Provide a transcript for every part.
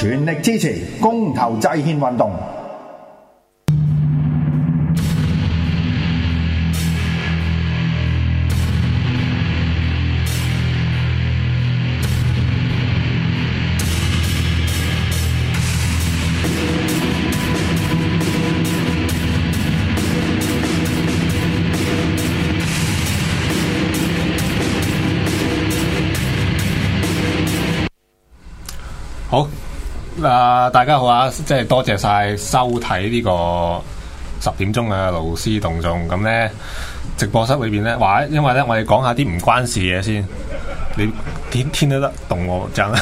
全力支持公投制憲運動。啊！大家好啊，即係多謝晒收睇呢個十點鐘嘅勞思動眾。咁呢直播室裏邊呢，話因為呢，我哋講下啲唔關事嘢先。你天天都得動我張，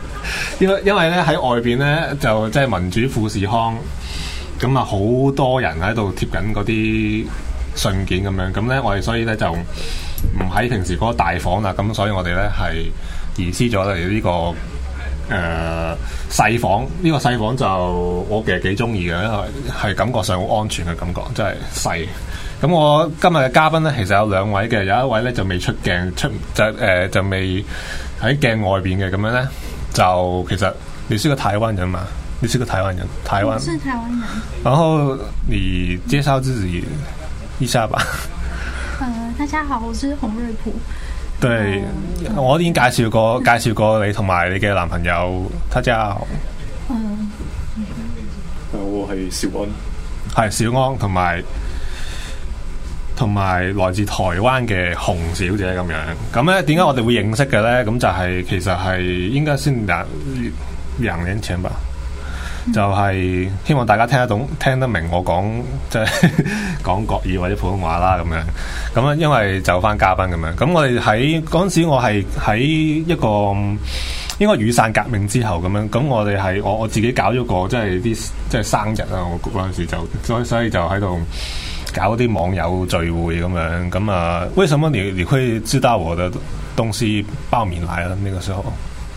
因為因為呢喺外邊呢，就即係、就是、民主富士康，咁啊好多人喺度貼緊嗰啲信件咁樣。咁呢，我哋所以呢，就唔喺平時嗰個大房啦。咁所以我哋呢，係移師咗嚟呢個。誒細、呃、房呢、這個細房就我其實幾中意嘅，因為係感覺上好安全嘅感覺，真係細。咁、嗯、我今日嘅嘉賓咧，其實有兩位嘅，有一位咧就未出鏡出就誒就未喺鏡外邊嘅咁樣咧，就，就、呃、就，呢就其實你係個台灣人嘛？你係個台灣人，台灣是台灣人。然後你介紹自己一下吧。誒、呃，大家好，我是洪瑞璞。對，我已經介紹過，介紹過你同埋你嘅男朋友他 a 我係小安，係小安同埋同埋來自台灣嘅洪小姐咁樣。咁咧點解我哋會認識嘅咧？咁就係、是、其實係應該先兩兩年前吧。就係希望大家聽得懂，聽得明我講，即係講國語或者普通話啦咁樣。咁啊，因為就翻嘉賓咁樣。咁我哋喺嗰陣時，我係喺一個，應該雨傘革命之後咁樣。咁我哋係我我自己搞咗個，即係啲即係生日啊。我嗰陣時就，所以就喺度搞啲網友聚會咁樣。咁啊，為什麼你你可以知道我嘅東西報名來了、啊？呢、呢個時候。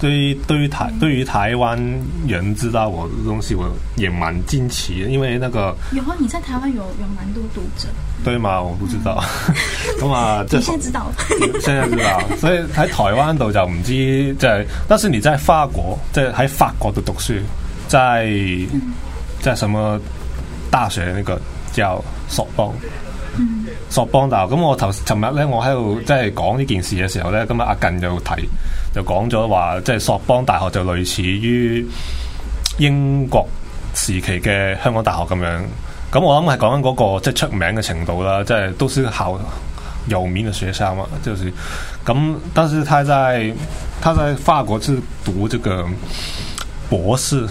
對，對於台，對於台灣人知道我的東西，我也蠻驚奇，因為那個，以後你在台灣有有蠻多讀者，對嗎？我不知道，咁啊、嗯，即係 就，現在知道，現在知道，所以喺台灣度就唔知，即、就、係、是，但是你在法國，即係喺法國度讀書，在在什麼大學？那個叫索邦。索邦大學，咁我頭尋日咧，我喺度即係講呢件事嘅時候咧，咁啊阿近就提，就講咗話，即係索邦大學就類似於英國時期嘅香港大學咁樣。咁我諗係講緊嗰個即係出名嘅程度啦，即係都算幾有名嘅學校嘛，就是咁。但是他在他在法國去讀這個博士，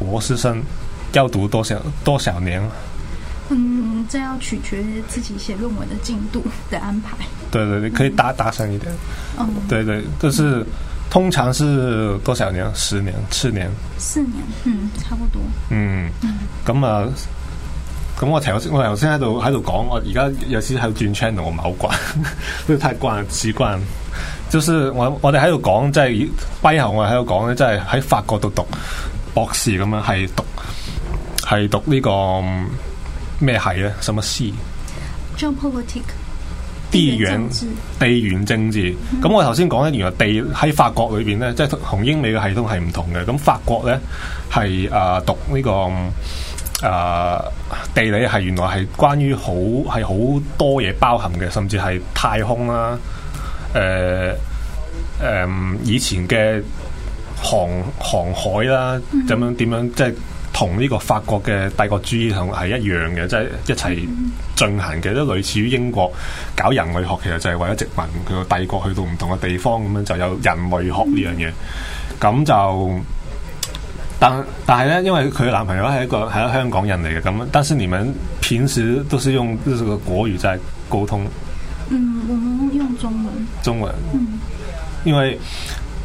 博士生要讀多少多少年？嗯，這要取決自己寫論文的進度的安排。對，對對，你可以打打上一點。嗯、對，對對，就是、嗯、通常是多少年？十年、四年、四年，嗯，差不多。嗯，咁、嗯嗯嗯、啊，咁我頭先，我現在都喺度講，我而家有時喺度轉 channel，我唔係好慣，都太慣，習慣。就是我我哋喺度講，即係跛後我哋喺度講咧，即係喺法國度讀博士咁樣，係讀係讀呢、這個。咩係咧？什麼是？地緣地緣政治。咁、嗯、我頭先講咧，原來地喺法國裏邊咧，即係同英美嘅系統係唔同嘅。咁法國咧係啊讀呢、這個啊、呃、地理係原來係關於好係好多嘢包含嘅，甚至係太空啦，誒、呃、誒、呃、以前嘅航航海啦，點、嗯、樣點樣即係。同呢個法國嘅帝國主義同係一樣嘅，即、就、係、是、一齊進行嘅，都、嗯、類似於英國搞人類學，其實就係為咗殖民佢個帝國去到唔同嘅地方咁樣，就有人類學呢、嗯、樣嘢。咁就，但但係咧，因為佢嘅男朋友係一個係香港人嚟嘅，咁。但是你們平時都是用就是個國語在溝通？嗯，我用中文。中文。嗯、因為。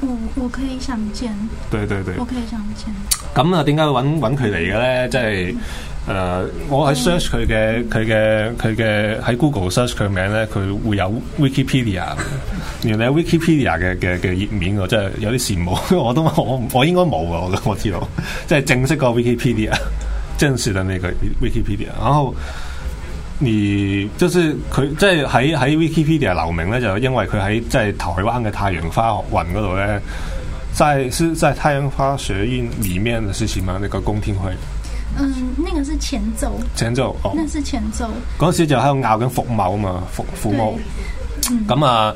我我可以想見，對對對，我可以想見。咁啊，點解會搵搵佢嚟嘅咧？即係誒，我喺 search 佢嘅佢嘅佢嘅喺 Google search 佢名咧，佢會有 Wikipedia、嗯。原來 Wikipedia 嘅嘅嘅頁面即係、就是、有啲羨慕。我都我我應該冇噶，我我知道，即、就、係、是、正式個 Wikipedia，真實的你個 Wikipedia。然後。你就是佢即係喺喺維基 pedia 留名咧，就因為佢喺即係台灣嘅太陽花雲嗰度咧，即係在太陽花學院裏面嘅事情嘛？那個公聽會，嗯，那個是前奏，前奏、哦哦，那是前奏。嗰時就喺拗緊服貿嘛，服服貿。咁、嗯、啊，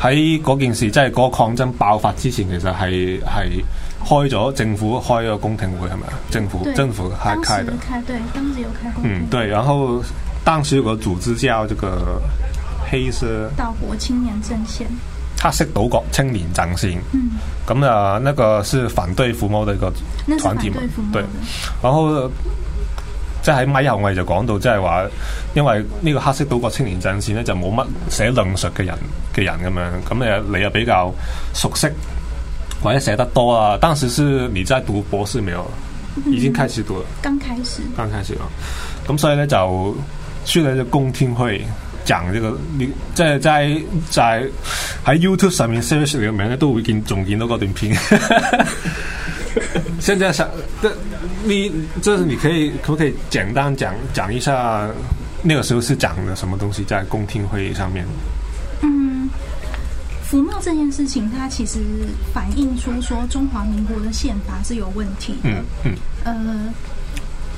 喺嗰件事，即係嗰個抗爭爆發之前，其實係係開咗政府開個公聽會係咪啊？政府對政府開的開的，對，當時有開。嗯，對，然後。當時有個組織叫這個黑、黑色島國青年陣線，黑色島國青年陣線。嗯，咁啊，那個是反對服貿的一個團體嘛，反對服貿對。然後即係喺咪後，我哋就講到，即係話，因為呢個黑色島國青年陣線咧，就冇乜寫論述嘅人嘅人咁樣。咁你你又比較熟悉，或者寫得多啊？當時是你在讀博士沒有？已經開始讀了，剛、嗯、開始，剛開始啊。咁、嗯、所以咧就。出嚟只公聽會講這個，你在在在喺 YouTube 上面 service 裏面都會經總結，仲見到嗰段片。呵呵 現在想，你，就是你可以可不可以簡單講講一下，那個時候是講的什麼東西在公聽會議上面，嗯，服貿這件事情，它其實反映出說中華民國的憲法是有問題。嗯。嗯嗯，呃。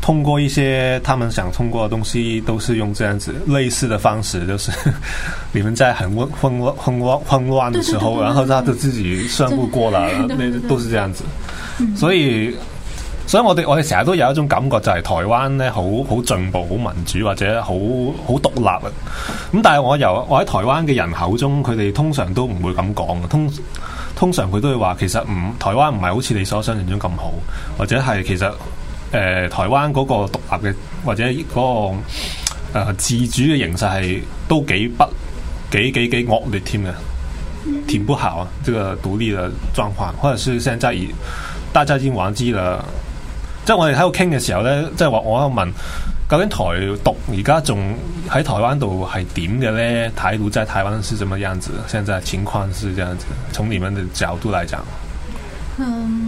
通過一些他們想通過的東西，都是用這樣子類似的方式，就是你們在很混混亂的時候，然後他就自己宣布過來了，都是這樣子。所以，所以我哋我哋成日都有一種感覺，就係台灣呢好好進步、好民主或者好好獨立。咁但係我由我喺台灣嘅人口中，佢哋通常都唔會咁講嘅，通通常佢都會話，其實唔台灣唔係好似你所想象中咁好，或者係其實。呃、台灣嗰個獨立嘅或者嗰、那個、呃、自主嘅形勢係都幾不幾幾幾惡劣添嘅，挺不好啊！呢、這個獨立嘅狀況，或者是現在已大家已經忘記了。即係我哋喺度傾嘅時候咧，即係話我喺度問究竟台獨而家仲喺台灣度係點嘅咧？睇到即係台灣是什麼樣子？現在情況是這樣子？從你們的角度嚟講，嗯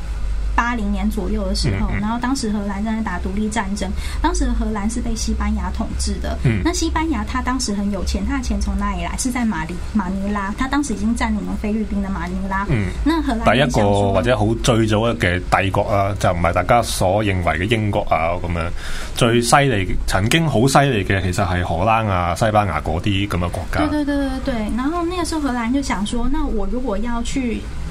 八零年左右的時候，嗯，然後當時荷蘭正在打獨立戰爭，當時荷蘭是被西班牙統治的。嗯，那西班牙他當時很有錢，他的錢從哪裡來？是在馬里馬尼拉，他當時已經佔領了菲律賓的馬尼拉。嗯，那荷蘭第一個或者好最早嘅帝國啊，就唔係大家所認為嘅英國啊咁樣，最犀利曾經好犀利嘅，其實係荷蘭啊、西班牙嗰啲咁嘅國家。對對對對對，然後那個時候荷蘭就想說，那我如果要去。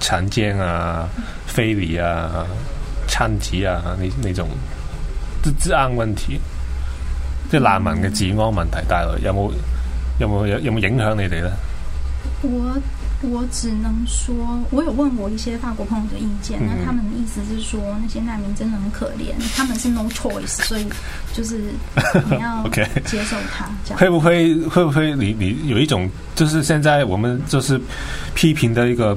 殘奸啊、非禮啊、搶劫啊，那那種，啲治安問題，即係難民嘅治安問題帶嚟，有冇有冇有有冇影響你哋呢？我我只能說，我有問我一些法國朋友嘅意見，那、嗯、他們的意思是說，那些難民真的很可憐，他們是 no choice，所以就是你要接受他。這樣。會不會會不會你你有一種，就是現在我們就是批評的一個。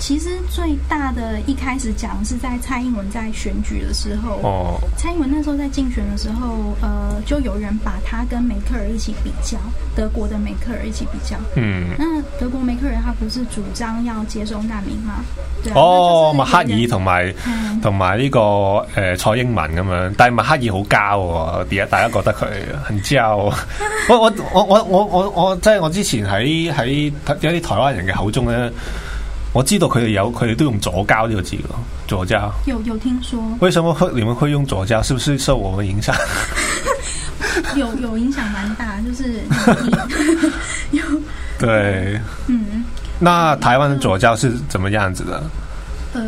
其實最大的一開始講，是在蔡英文在選舉的時候，哦，蔡英文那時候在競選的時候，呃，就有人把他跟梅克爾一起比較，德國的梅克爾一起比較。嗯，那德國梅克爾他不是主張要接收難民嗎？對啊、哦，默克爾同埋同埋呢個誒、呃、蔡英文咁樣，但係默克爾好膠，點解大家覺得佢之後？我我我我我我我即係我之前喺喺有啲台灣人嘅口中咧。我知道，佢哋有，佢都用左膠呢個字咯，左膠。有有聽說？為什麼會你們會用左膠？是不是受我們影響 有有影響蠻大，就是 有對。嗯，那台灣的左膠是怎麼樣子的？呃，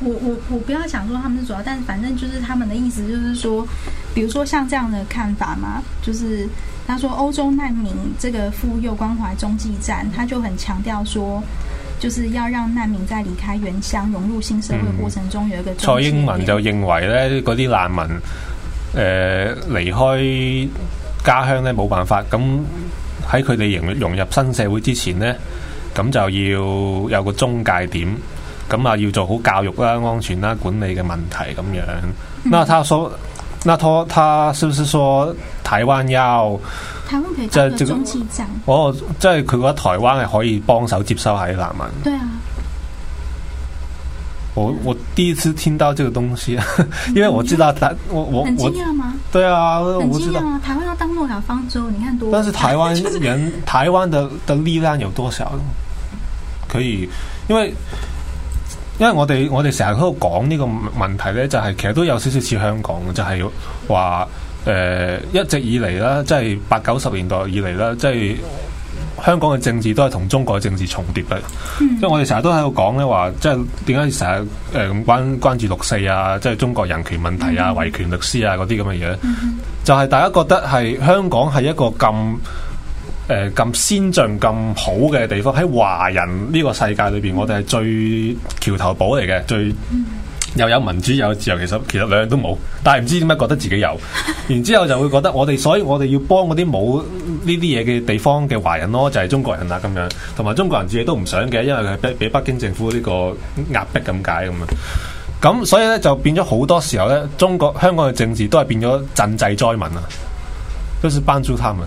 我我我不要想說他們是左膠，但反正就是他們的意思，就是說，比如說像這樣的看法嘛，就是他說歐洲難民這個婦幼關懷中繼站，他就很強調說。就是要讓難民在離開原鄉融入新社會的過程中有一個，嗯、蔡英文就認為咧嗰啲難民誒呃、離開家鄉咧冇辦法咁喺佢哋融融入新社會之前咧咁就要有個中介點咁啊要做好教育啦、安全啦、管理嘅問題咁樣。那他說，嗯那他他是不是說台灣要在這個哦，即係佢話台灣係可以幫手接收下南嘛。對啊。我我第一次聽到這個東西，因為我知道他、嗯我，我很我很驚訝嗎？對啊，很驚訝啊，我知道台灣要當諾亞方舟，你看多？但是台灣人，就是、台灣的的力量有多少？可以，因為。因為我哋我哋成日喺度講呢個問題呢，就係其實都有少少似香港嘅，就係話誒一直以嚟啦，即係八九十年代以嚟啦，即係香港嘅政治都係同中國嘅政治重疊嘅。因、嗯、為我哋成日都喺度講呢話，即係點解成日誒關關注六四啊，即係中國人權問題啊，維權律師啊嗰啲咁嘅嘢，就係大家覺得係香港係一個咁。誒咁、呃、先進咁好嘅地方，喺華人呢個世界裏面，我哋係最橋頭堡嚟嘅，最又有民主又有自由，其實其實兩樣都冇，但係唔知點解覺得自己有，然之後就會覺得我哋，所以我哋要幫嗰啲冇呢啲嘢嘅地方嘅華人咯，就係、是、中國人啊咁樣，同埋中國人自己都唔想嘅，因為佢俾北京政府呢個壓迫咁解咁啊，咁所以呢，就變咗好多時候呢，中國香港嘅政治都係變咗賑濟災民啊，都、就是幫助他們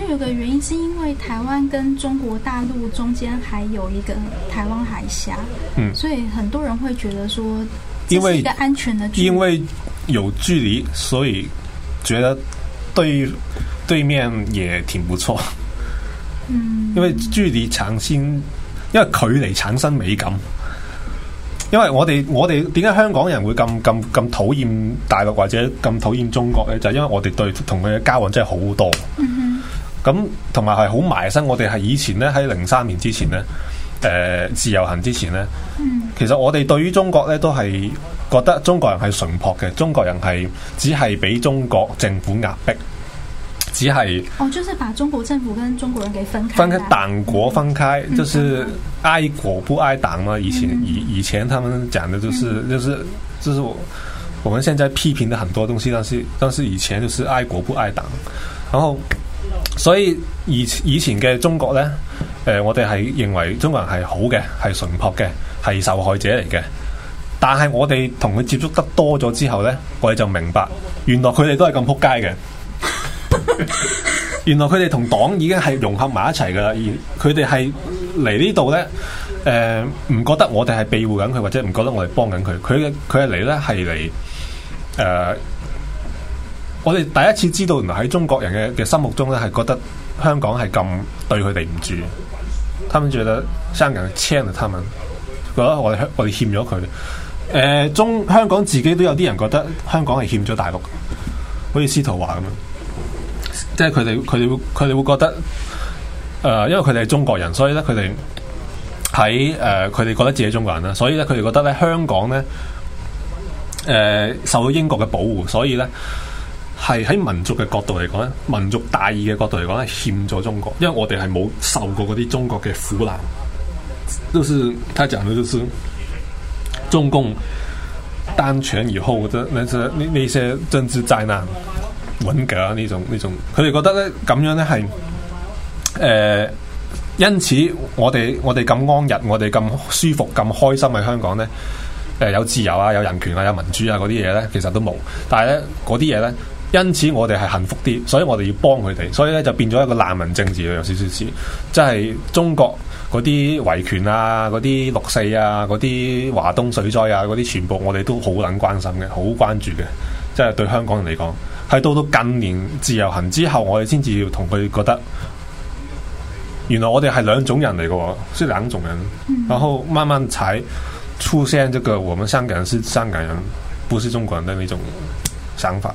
我覺得有個原因是因為台灣跟中國大陸中間還有一個台灣海峽，嗯、所以很多人會覺得說，因為一個安全的，距離因為有距離，所以覺得對對面也挺不錯。嗯、因為距離產生，因為距離產生美感。因為我哋我哋點解香港人會咁咁咁討厭大陸或者咁討厭中國呢？就係、因為我哋對同佢嘅交往真係好很多。嗯咁同埋係好埋身，我哋係以前咧喺零三年之前咧，誒、呃、自由行之前咧，嗯、其實我哋對於中國咧都係覺得中國人係純樸嘅，中國人係只係俾中國政府壓迫，只係哦，就是把中國政府跟中國人給分開，啊、分開黨國分開，嗯、就是愛國不愛黨嘛。以前，嗯、以以前他們講的，就是，就是就是就是我，我們現在批評的很多東西，但是但是以前就是愛國不愛黨然後所以以以前嘅中國呢，誒、呃、我哋係認為中國人係好嘅，係純樸嘅，係受害者嚟嘅。但係我哋同佢接觸得多咗之後呢，我哋就明白，原來佢哋都係咁撲街嘅。 原來佢哋同黨已經係融合埋一齊㗎喇，而佢哋係嚟呢度呢，誒、呃、唔覺得我哋係庇護緊佢，或者唔覺得我哋幫緊佢。佢嘅佢係嚟呢係嚟誒。我哋第一次知道，原來喺中國人嘅嘅心目中咧，係覺得香港係咁對佢哋唔住，他們覺得香港黐啊！他們覺得我哋我哋欠咗佢。誒、呃，中香港自己都有啲人覺得香港係欠咗大陸，好似司徒華咁樣，即係佢哋佢哋會佢哋會覺得，誒、呃，因為佢哋係中國人，所以咧佢哋喺誒，佢哋、呃、覺得自己係中國人啦，所以咧佢哋覺得咧香港咧，誒、呃，受到英國嘅保護，所以咧。係喺民族嘅角度嚟講咧，民族大義嘅角度嚟講咧，欠咗中國，因為我哋係冇受過嗰啲中國嘅苦難。都是就是他講嘅，就是中共當權以後，嗰啲，那那些政治災難，文革呢種呢種，佢哋覺得咧，咁樣咧係，誒、呃，因此我哋我哋咁安逸，我哋咁舒服，咁開心喺香港咧，誒、呃，有自由啊，有人權啊，有民主啊嗰啲嘢咧，其實都冇，但係咧，嗰啲嘢咧。因此我哋係幸福啲，所以我哋要幫佢哋，所以咧就變咗一個難民政治有少少似，即係中國嗰啲維權啊、嗰啲六四啊、嗰啲華東水災啊、嗰啲全部我哋都好撚關心嘅，好關注嘅，即係對香港人嚟講，係到到近年自由行之後，我哋先至要同佢覺得，原來我哋係兩種人嚟嘅，即係兩種人，然後慢慢踩出現即個我們香港人是香港人，不是中國人的呢種想法。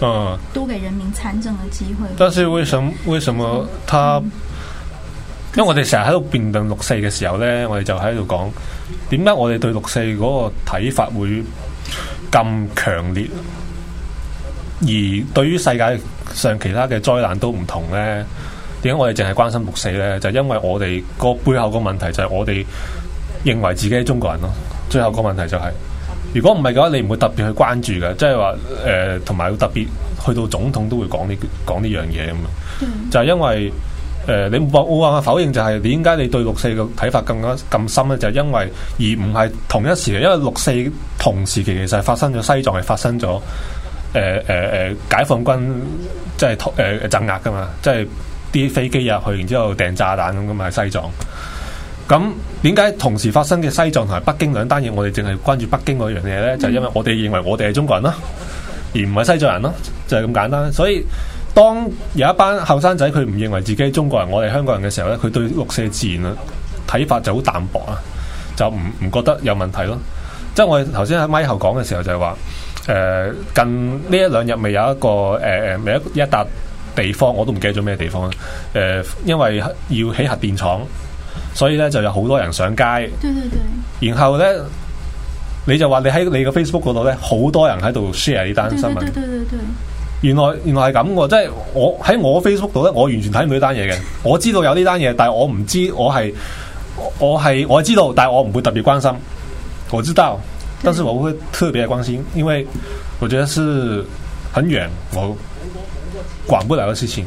嗯，多給人民參政的機會。 但是為什麼為什麼他？嗯、因為我哋成日喺度辯論六四嘅時候呢，我哋就喺度講，點解我哋對六四嗰個睇法會咁強烈？而對於世界上其他嘅災難都唔同呢，點解我哋淨係關心六四呢？就因為我哋個背後個問題就係我哋認為自己係中國人咯。最後個問題就係、是。如果唔係嘅話，你唔會特別去關注嘅，即係話誒，同、呃、埋特別去到總統都會講呢講呢樣嘢咁啊。嗯、就係因為誒、呃，你冇辦法否認就係點解你對六四嘅睇法更加咁深咧？就係、是、因為而唔係同一時期，因為六四同時期其實係發生咗西藏係發生咗誒誒誒，解放軍即係誒、呃、鎮壓噶嘛，即係啲飛機入去，然之後掟炸彈咁噶嘛，喺西藏。咁點解同時發生嘅西藏同埋北京兩單嘢，我哋淨係關注北京嗰樣嘢呢？就係因為我哋認為我哋係中國人咯，而唔係西藏人咯，就係、是、咁簡單。所以當有一班後生仔佢唔認為自己係中國人，我哋香港人嘅時候呢，佢對綠色自然啊睇法就好淡薄啊，就唔唔覺得有問題咯。即係我哋頭先喺咪後講嘅時候就係話、呃，近呢一兩日咪有一個、呃、未咪一笪地方，我都唔記得咗咩地方、呃、因為要起核電廠。所以咧就有好多人上街，對對對，然後咧你就話你喺你嘅 Facebook 嗰度咧，好多人喺度 share 呢單新聞。原來原來係咁嘅，即係我喺我 Facebook 度咧，我完全睇唔到呢單嘢嘅。我知道有呢單嘢，但係我唔知我係我係我，我知道，但係我唔會特別關心。我知道，但是我唔會特別關心，因為我覺得是很遠我管不了的事情。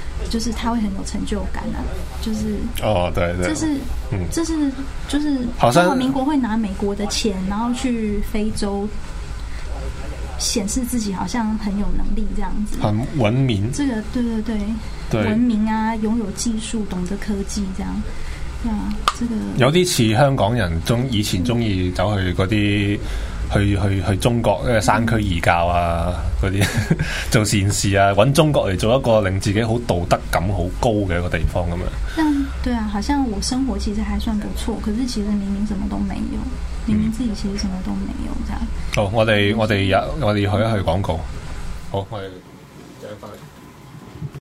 就是他會很有成就感的，啊，就是哦，oh，對對，這是、嗯、這是就是好像民國會拿美國的錢，然後去非洲顯示自己好像很有能力這樣子，很文明。這個對對對，對文明啊，擁有技術，懂得科技這樣，對啊，這個、有啲似香港人中以前中意、嗯、走去嗰啲。去去去中國，因為山區義教啊，嗰啲、嗯、做善事啊，搵中國嚟做一個令自己好道德感好高嘅一個地方咁樣。但對啊，好像我生活其實還算不錯，可是其實明明什麼都沒有，明明自己其實什麼都沒有，這樣。嗯、好，我哋我哋有我哋去一去廣告。好，我哋、嗯。